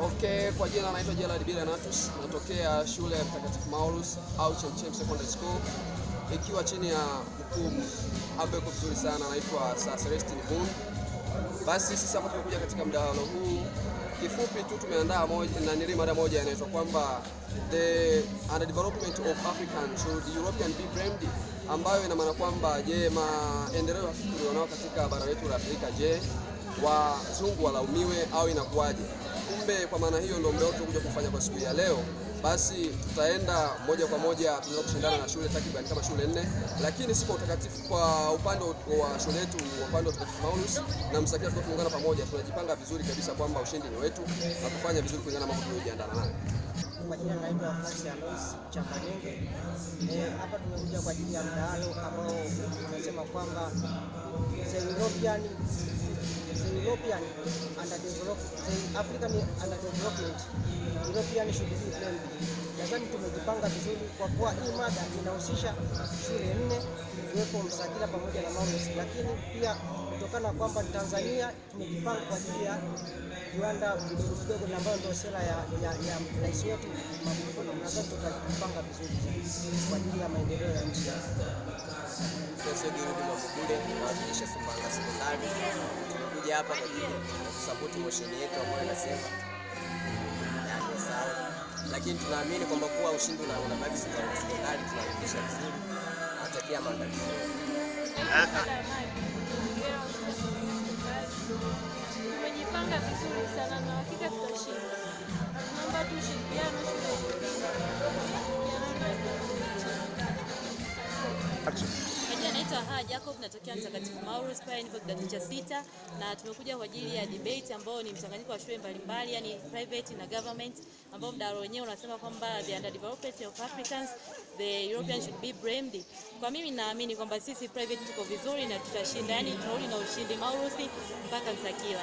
Okay, kwa jina naitwa Gerald Bilanatus, natokea shule ya Mtakatifu Maulus au Chemchem Secondary School ikiwa chini ya mkuu ambaye yuko vizuri sana anaitwa Sir Celestine Boone. Basi sisi hapa tumekuja katika mdahalo huu, kifupi tu tumeandaa moja na nili mada moja inaitwa kwamba the underdevelopment of African should European be blamed, ambayo ina maana kwamba je, maendeleo ya Afrika katika bara letu la Afrika je wazungu walaumiwe au inakuwaje? Kumbe kwa maana hiyo ndio mbeo tunakuja kufanya kwa siku ya leo. Basi tutaenda moja kwa moja, tunaweza kushindana na shule takriban kama shule nne, lakini si kwa utakatifu, kwa upande wa shule yetu, wa upande wa Mtakatifu Paulus na Msakia, tuko tunaungana pamoja, tunajipanga vizuri kabisa kwamba ushindi ni wetu na kufanya vizuri kulingana na mambo tuliyojiandaa nayo. Kwa jina naitwa Francis Alois Chamanenge. Eh, hapa tumekuja kwa ajili ya mdahalo ambao unasema kwamba European Eh, African underdevelopment, African underdevelopment, European should be blamed. Nadhani tumejipanga vizuri kwa kuwa hii mada inahusisha shule nne ikiwepo Msakila pamoja na Mamus, lakini pia kutokana kwamba Tanzania tumejipanga kwa ajili ya viwanda vidogo vidogo na ambayo ndio sera ya ya rais wetu Magufuli, nadhani tutajipanga vizuri kwa ajili ya maendeleo ya nchi. Sekondari tumekuja hapa kwa ajili ya kusapoti motion yetu ambayo inasema yani sawa, lakini tunaamini kwamba kuwa ushindi una unabaki siku serikali tunaendesha vizuri, natakia maandalizi Naitwa Haa Jacob natokea Mtakatifu Maurus pale nipo kidato cha sita, na tumekuja kwa ajili ya debate ambao ni mchanganyiko wa shule mbalimbali, yani private na government, ambao mdahalo wenyewe unasema kwamba the underdevelopment of Africans the Europeans should be blamed. Kwa mimi naamini kwamba sisi private tuko vizuri na tutashinda, yani tutarudi na ushindi Maurus mpaka Msakila.